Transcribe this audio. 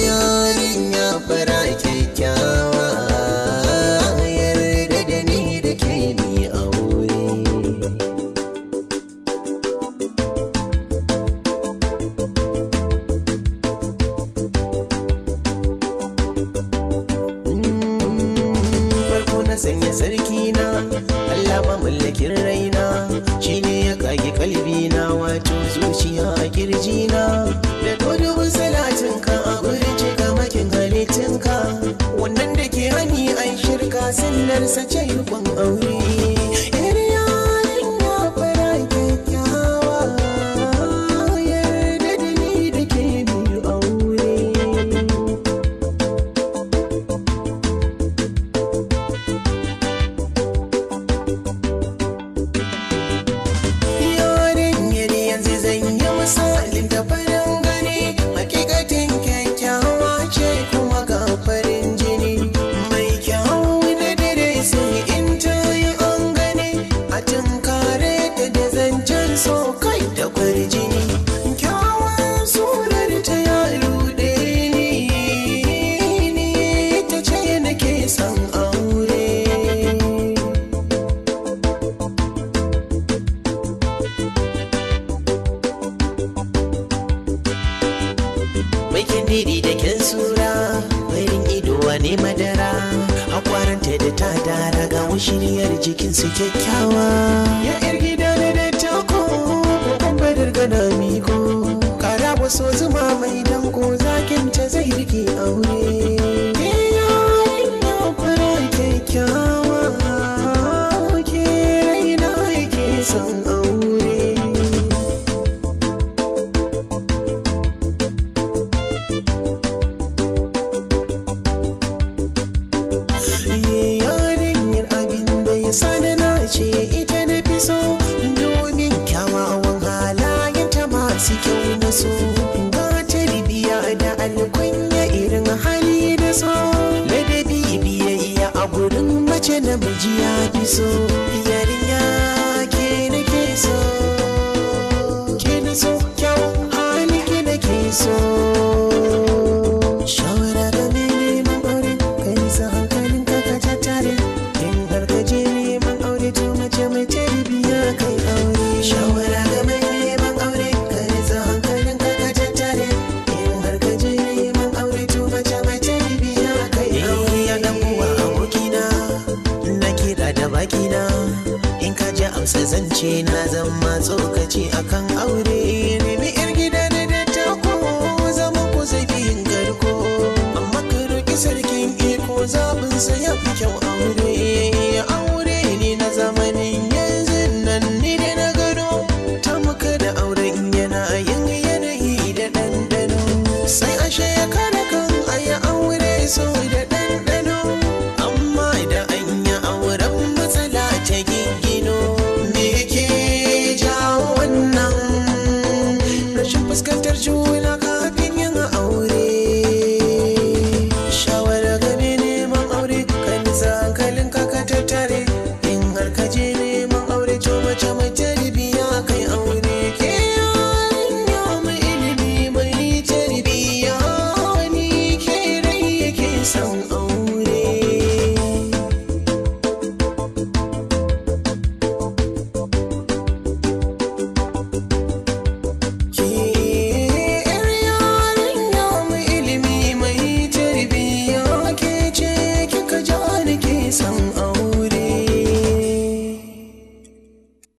yarinya fara kyakkyawa yarda da ni da ke ni aure mm, farko na sanya sarki na Allah ba mallakin raina shine ya kage kalbi wato zuciya a kirji sace yi kwan aure bakin didi da kyan sura barin ido ne madara hakwaranta da ta dara ga washiryar jikin su kyakkyawa ya yar gida da da tako ko kuma darga na miko kara wasu zuma mai danko na miji ya fi so Shi na zama tsokaci akan aure nemi yar gida da dattako zama ku yin garko amma ka roƙi sarkin iko zaɓinsa ya fi kyau aure